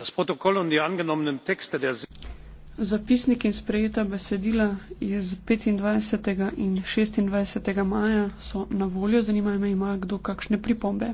das protokoll und die angenommenen texte der Zapisnik in sprejeta besedila iz 25. in 26. maja so na voljo, zanimajo me, ima kdo kakšne pripombe.